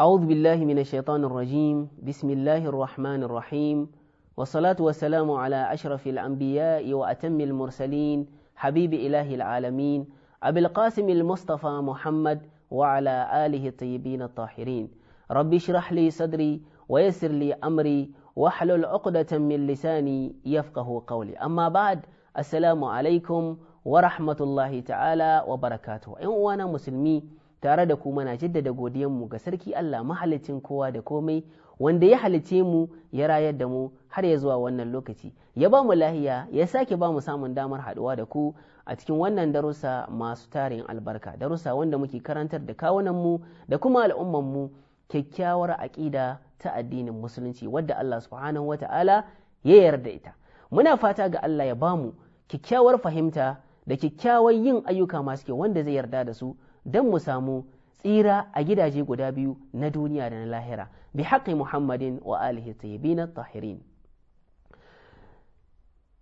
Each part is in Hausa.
أعوذ بالله من الشيطان الرجيم بسم الله الرحمن الرحيم والصلاة والسلام على أشرف الأنبياء وأتم المرسلين حبيب إله العالمين أبي القاسم المصطفى محمد وعلى آله الطيبين الطاهرين ربي اشرح لي صدري ويسر لي أمري واحلل عقدة من لساني يفقه قولي أما بعد السلام عليكم ورحمة الله تعالى وبركاته إن وأنا مسلمي tare da kuma na jaddada godiyanmu ga sarki Allah mahalicin kowa da komai wanda ya halice mu ya rayar da mu har ya zuwa wannan lokaci ya ba mu lahiya ya sake ba mu samun damar haɗuwa da ku a cikin wannan darussa masu tarin albarka darussa wanda muke karantar da kawunan mu da kuma mu kyakkyawar aƙida ta addinin musulunci wadda Allah subhanahu wata'ala ya yarda ita muna fata ga Allah ya ba mu kyakkyawar fahimta da kyakkyawar yin ayyuka masu kyau wanda zai yarda da su don mu samu tsira a gidaje guda biyu na duniya da na lahira bi haƙƙi muhammadin wa alihi tayyibin tahirin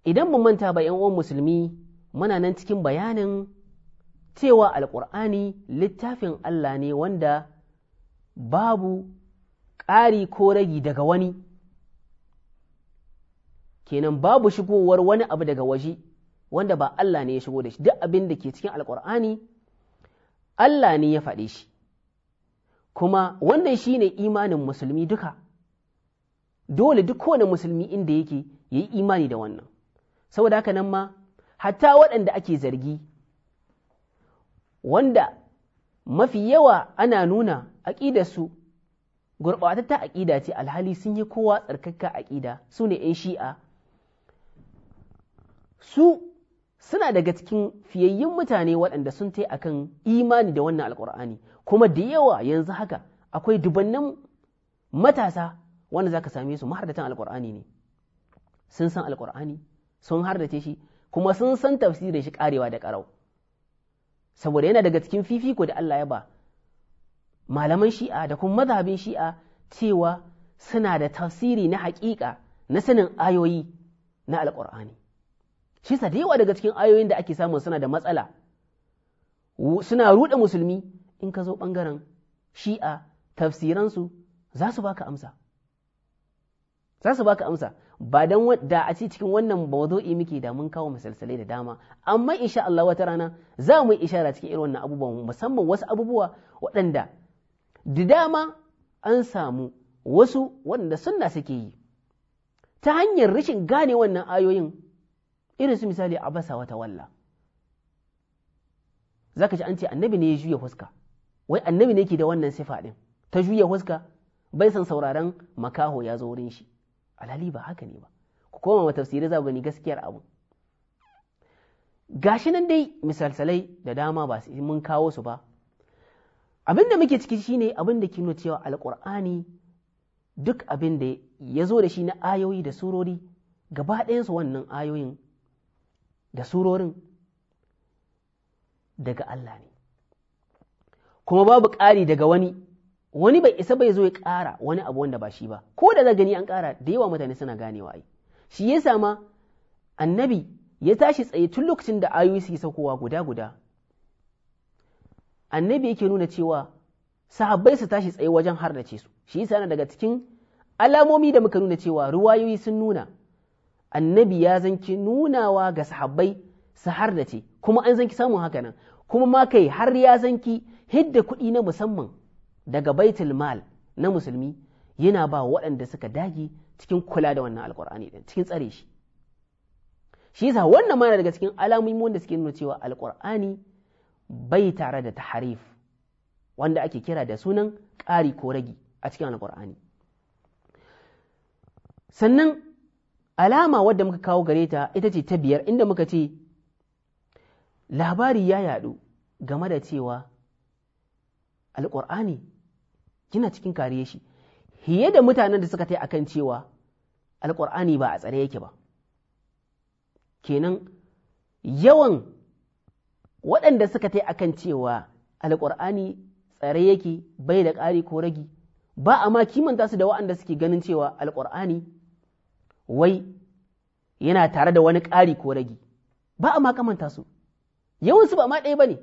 idan mu manta ba yan uwan musulmi muna nan cikin bayanin cewa alƙur'ani littafin Allah ne wanda babu ƙari ko ragi daga wani kenan babu shigowar wani abu daga waje wanda ba Allah ne ya shigo da shi duk abin da ke cikin alƙur'ani Allah ne ya faɗe shi kuma wannan shi ne imanin musulmi duka dole duk kowane musulmi inda yake ya yi imani da wannan saboda haka nan ma hatta waɗanda ake zargi wanda mafi yawa ana nuna aƙidarsu gurɓatatta aƙida ce alhali sun yi kowa tsarkakka aƙida su ne ‘yan shi'a su suna daga cikin fiyayyun mutane waɗanda sun tai akan imani da wannan alƙur'ani kuma da yawa yanzu haka akwai dubannan matasa wanda zaka same su mahardatan alƙur'ani ne sun san alƙur'ani sun hardace shi kuma sun san tafsirin shi karewa da karau saboda yana daga cikin fifiko da Allah ya ba malaman shi'a da kuma mazhabin shi'a cewa suna da tafsiri na haƙiƙa na sanin ayoyi na alƙur'ani shi sa da yawa daga cikin ayoyin da ake samu suna da matsala suna ruɗe musulmi in ka zo bangaren shi'a tafsiransu za su baka amsa za su baka amsa ba dan da a ci cikin wannan mawdu'i muke da mun kawo misalsalai da dama amma insha Allah wata rana za mu yi ishara cikin irin wannan abubuwan musamman wasu abubuwa waɗanda da dama an samu wasu waɗanda sunna suke yi ta hanyar rashin gane wannan ayoyin irin su misali a basa wata walla za ka ji an ce annabi ne ya juya huska wai annabi ne ke da wannan sifa ɗin ta juya huska bai san sauraren makaho ya zo wurin shi alhali ba haka ne ba ku koma ma tafsiri za gani gaskiyar abu gashi nan dai misalsalai da dama ba su mun kawo su ba abin da muke ciki shine abin da ke nuna cewa alkur'ani duk abin da ya zo da shi na ayoyi da surori gaba ɗayansu wannan ayoyin da surorin daga Allah ne kuma babu ƙari daga wani wani bai isa bai zo ya ƙara wani abu wanda ba shi ba ko da za gani an ƙara da yawa mutane suna ganewa ai shi yasa ma annabi ya tashi tsaye tun lokacin da ayoyi su yi saukowa guda guda annabi yake nuna cewa sahabbai su tashi tsaye wajen har ce su shi yasa na daga cikin alamomi da muka nuna cewa ruwayoyi sun nuna annabi ya zanki nunawa ga sahabbai su har da ce kuma an zanki samun haka nan kuma ma kai har ya zanki hidda kuɗi na musamman daga baitul mal na musulmi yana ba waɗanda suka dage cikin kula da wannan alƙur'ani ɗin cikin tsare shi shi yasa wannan ma daga cikin alamomi wanda suke nuna cewa alƙur'ani bai tare da taharif wanda ake kira da sunan ƙari ko ragi a cikin alƙur'ani sannan alama wadda muka kawo gare ta ita ce ta biyar inda muka ce labari ya yadu game da cewa alƙur'ani gina cikin kariye shi hiye da mutanen da suka tai akan cewa alƙur'ani ba a tsare yake ba kenan yawan waɗanda suka tai akan cewa alƙur'ani tsare yake bai da ƙari ko ragi ba a ma kimanta su da waɗanda suke ganin cewa alƙur'ani wai yana tare da wani ƙari ko ragi ba a ma su yawansu ba ma ɗaya ba ne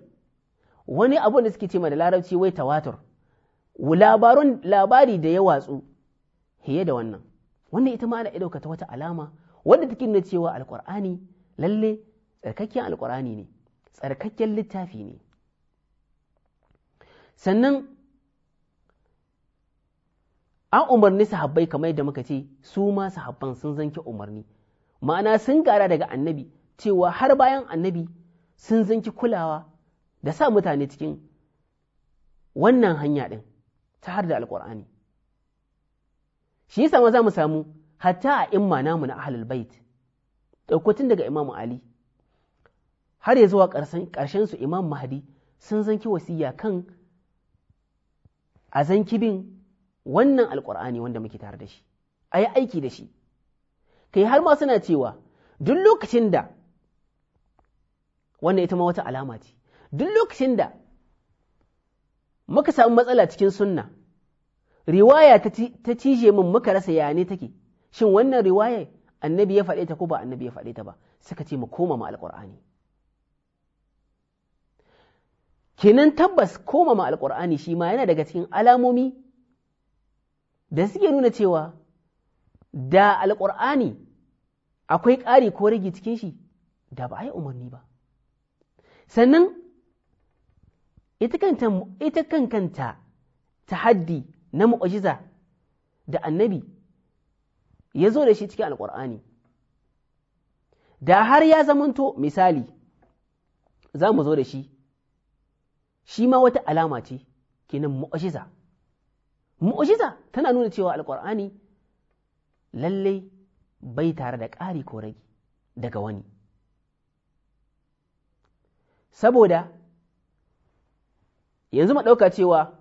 wani abu da suke ce da larabci wai tawatur labarun labari da ya watsu hiye da wannan wannan ita ma ana ɗaukata wata alama wanda take nuna cewa alƙur'ani lalle tsarkakken alƙur'ani ne tsarkakken littafi ne sannan an umarni sahabbai kamar yadda muka ce su ma sahabban sun zanke umarni ma'ana sun gara daga annabi cewa har bayan annabi sun zanki kulawa da sa mutane cikin wannan hanya ɗin ta har da alƙur'ani shi yasa ma za mu samu hatta a in ma namu na ahlul bait Ɗaukacin daga imamu ali har ya zuwa ƙarshen su imam mahdi sun zanki wasiya kan a zanki bin wannan alkur'ani wanda muke tare da shi a yi aiki da shi kai har ma suna cewa duk lokacin da wannan ita ma wata alama ce duk lokacin da muka samu matsala cikin sunna riwaya ta cije min muka rasa ya ne take shin wannan riwaya annabi ya faɗe ta ko ba annabi ya faɗe ta ba suka ce mu koma ma alkur'ani kenan tabbas koma ma alkur'ani shi ma yana daga cikin alamomi da suke nuna cewa da alƙur'ani akwai ƙari ko rage cikin shi da ba a yi umarni ba sannan ita kankanta ta haddi na mu'ajiza da annabi ya zo da shi cikin alƙur'ani da har ya zamanto misali za mu zo da shi shi ma wata alama ce kenan mu'ajiza mu'jiza tana nuna cewa alƙur'ani lallai bai tare da ƙari ko rage daga wani saboda yanzu mu ɗauka cewa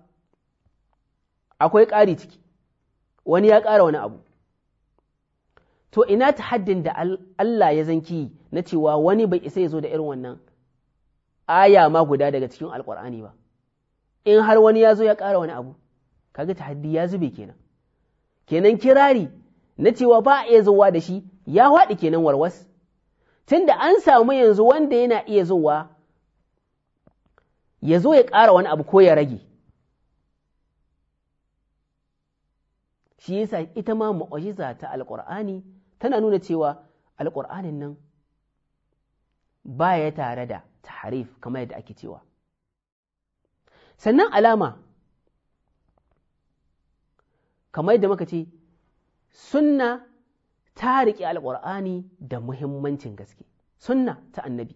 akwai ƙari ciki wani ya ƙara wani abu to ina ta haddin da Allah ya zanki na cewa wani bai isa ya zo da irin wannan aya ma guda daga cikin alƙur'ani ba in har wani ya zo ya ƙara wani abu kaga tahaddi ya zube kenan kenan kirari na cewa ba a iya zuwa da shi ya haɗi kenan warwas tunda an samu yanzu wanda yana iya zuwa ya zo ya ƙara wani abu ko ya rage shi yasa ita ma mu'ajiza ta alƙur'ani tana nuna cewa alƙur'anin nan ba ya tare da taharif kamar yadda ake cewa sannan alama kamar yadda muka ce sunna ta riƙe alƙur'ani da muhimmancin gaske sunna ta annabi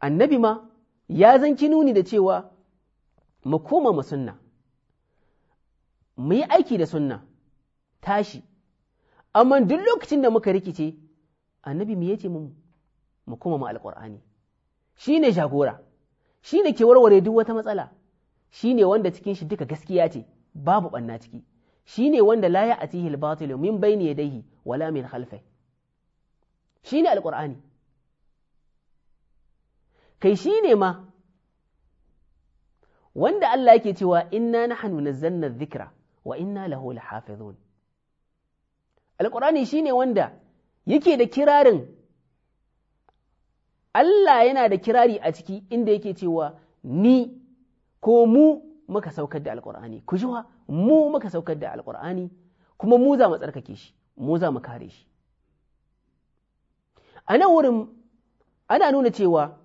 annabi ma ya zanki nuni da cewa mu koma mu sunna mu yi aiki da sunna tashi amma duk lokacin da muka rikice annabi mu yace mu mu koma mu alƙur'ani shine jagora ne ke warware duk wata matsala shi ne wanda cikin shi duka gaskiya ce babu ɓanna ciki shi ne wanda la ya'tihi al batilu min bayni yadayhi wala min khalfai. shi ne alƙur'ani kai shi ne ma wanda Allah yake cewa inna nahnu nazzalna dhikra wa inna lahu lahafizun alƙur'ani shi ne wanda yake da kirarin Allah yana da kirari a ciki inda yake cewa ni ko mu muka saukar da alkur'ani ku jiwa mu muka saukar da alkur'ani kuma mu za mu tsarkake shi mu za mu kare shi a nan wurin ana nuna cewa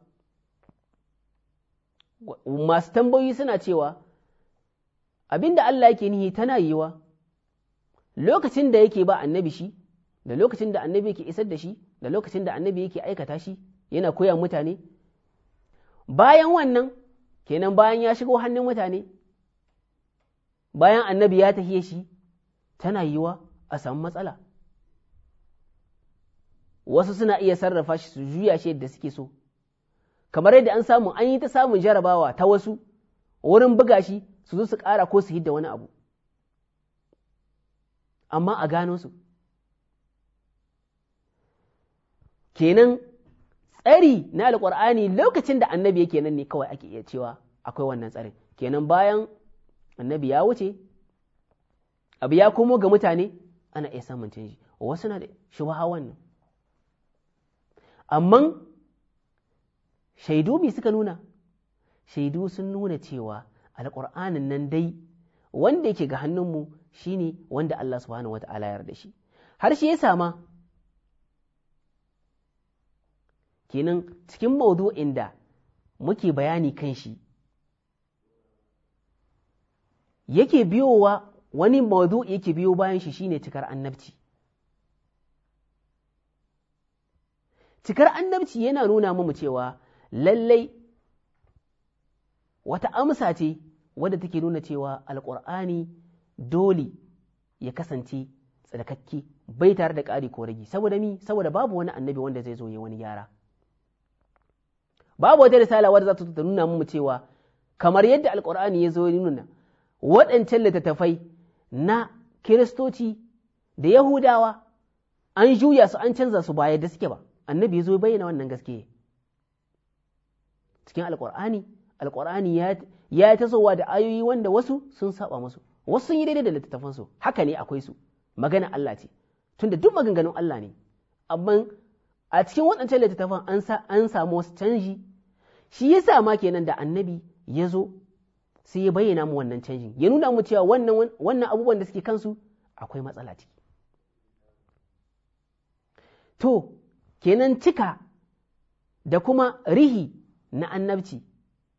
masu tambayoyi suna cewa abinda Allah yake nihi tana yiwa lokacin da yake ba annabi shi da lokacin da annabi yake isar da shi da lokacin da annabi yake aikata shi yana koya mutane bayan wannan kenan bayan ya shigo hannun mutane bayan annabi ya tafiye shi tana yiwa a samu matsala wasu suna iya sarrafa shi su juya shi yadda suke so kamar yadda an samu an yi ta samun jarabawa ta wasu wurin buga shi su zo su ƙara ko su hidda wani abu amma a gano su kenan tsari na alƙur'ani lokacin da annabi yake nan ne kawai ake iya cewa akwai wannan tsarin kenan bayan annabi ya wuce abu ya komo ga mutane ana iya samun canji wasu na da shubaha wannan amma shaidu me suka nuna shaidu sun nuna cewa alƙur'anin nan dai wanda yake ga hannunmu shine wanda Allah subhanahu wata'ala ya yarda shi har shi ya sama kenan cikin maudu'in da muke bayani kan shi yake biyowa wani maudu'i yake biyo bayan shi shine cikar annabci cikar annabci yana nuna mu cewa lallai wata amsa ce wadda take nuna cewa alƙur'ani dole ya kasance tsarkakke bai tare da ƙari ko ragi saboda mi saboda babu wani annabi wanda zai zo ya wani gyara babu wata risala wadda za ta nuna mu cewa kamar yadda alkur'ani ya zo nuna waɗancan littattafai na kiristoci da yahudawa an juya su an canza su baya da suke ba annabi ya zo bayyana wannan gaske cikin alkur'ani alkur'ani ya tasowa da ayoyi wanda wasu sun saba musu wasu sun yi daidai da littattafansu haka ne akwai su magana Allah ce tunda duk maganganun Allah ne amma a cikin waɗancan littattafan an samu wasu canji shi ya sa ma kenan da annabi ya zo sai ya bayyana mu wannan canjin ya nuna mu cewa wannan abubuwan da suke kansu akwai matsala ciki to kenan cika da kuma rihi na annabci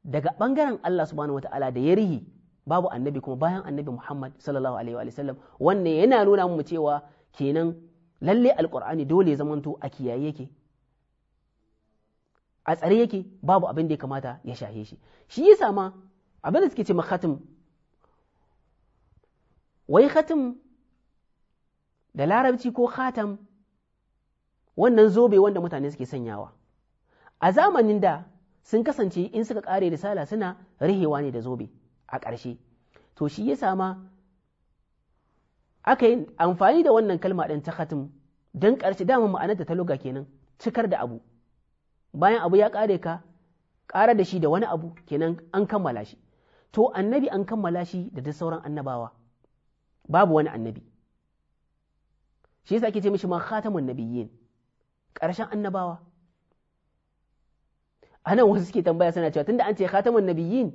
daga ɓangaren Allah subhanahu wata'ala da ya rihi babu annabi kuma bayan annabi Muhammad sallallahu alaihi wa sallam wannan yana nuna mu cewa kenan lalle alqur'ani dole zamanto a kiyaye yake a tsare yake babu abin da ya kamata ya shahe shi shi yasa ma abin da suke ce makhatim wai khatim da larabci ko khatam wannan zobe wanda mutane suke sanyawa a zamanin da sun kasance in suka kare risala suna rihewa ne da zobe a ƙarshe to shi yasa ma aka yi amfani da wannan kalma ɗin ta khatim don ƙarshe dama ma'anarta ta luga kenan cikar da abu bayan abu ya kare ka ƙara da shi da wani abu kenan an kammala shi to annabi an kammala shi da duk sauran annabawa babu wani annabi shi yasa ake ce mishi ma khatamun nabiyyin ƙarshen annabawa ana wasu suke tambaya suna cewa tunda an ce khatamun nabiyyin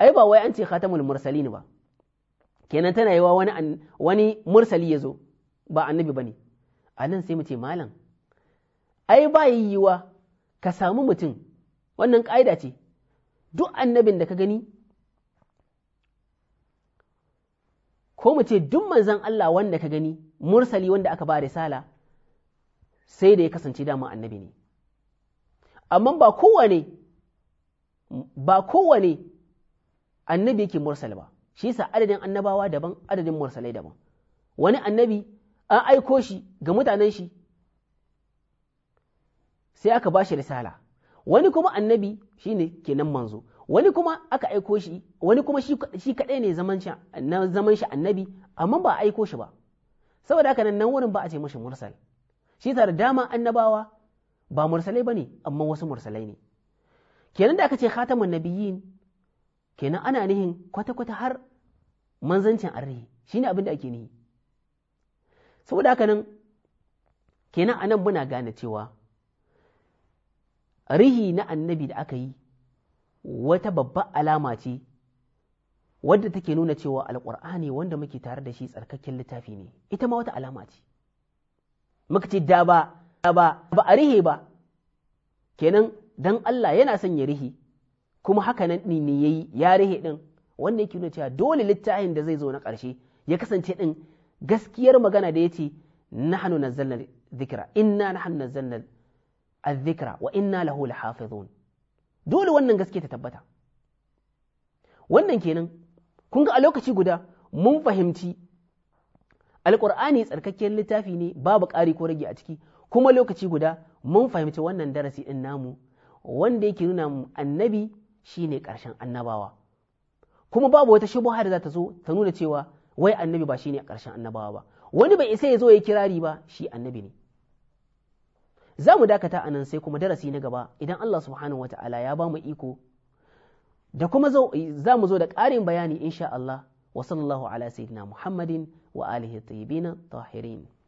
ai ba wai an ce khatamul mursalin ba kenan tana yiwa wani wani mursali ya zo ba annabi bane anan sai mu ce malam ai ba yiwa ka samu mutum wannan ƙa'ida ce duk annabin da ka gani ko mu ce duk manzan Allah wanda ka gani mursali wanda aka ba risala sai da ya kasance dama annabi ne amma ba kowane ba kowane annabi yake mursali ba shi sa adadin annabawa daban adadin mursalai daban wani annabi an aiko shi ga mutanen shi sai aka ba shi risala wani kuma annabi shine kenan manzo wani kuma aka aiko shi wani kuma shi kadai ne zaman shi annabi amma ba aiko shi ba saboda haka nan nan wurin ba a ce mashi mursal shi tare dama annabawa ba mursalai ne. amma wasu mursalai ne kenan da aka ce khatamun nabiyyin kenan ana nihin kwata-kwata har manzancin Shi shine abin da ake nihi saboda haka nan kenan anan muna gane cewa rihi na annabi da aka yi wata babbar alama ce wadda take nuna cewa alƙur'ani wanda muke tare da shi tsarkakken littafi ne ita ma wata alama ce muka ce da ba ba a rihe ba kenan dan Allah yana son ya rihi. kuma haka nan ne ne yayi ya rihe ɗin wanda yake nuna cewa dole littafin da zai zo na ƙarshe ya kasance ɗin gaskiyar magana da ya ce nahnu nazzalna dhikra inna nahnu nazzalna الذكرى وإنا له لحافظون dole wannan gaske ta tabbata wannan kenan kun ga a lokaci guda mun fahimci alƙur'ani tsarkakkiyar littafi ne babu ƙari ko rage a ciki kuma lokaci guda mun fahimci wannan darasi ɗin namu wanda yake nuna mu annabi shine karshen annabawa kuma babu wata shubha da za ta zo ta nuna cewa wai annabi ba shine karshen annabawa ba wani bai isa ya zo ya kirari ba shi annabi ne za mu dakata a nan sai kuma darasi na gaba idan Allah subhanahu wata'ala ya ba mu iko da kuma za mu zo da ƙarin bayani insha Allah wa sallallahu ala sayyidina Muhammadin wa alihi tayyibin tahirin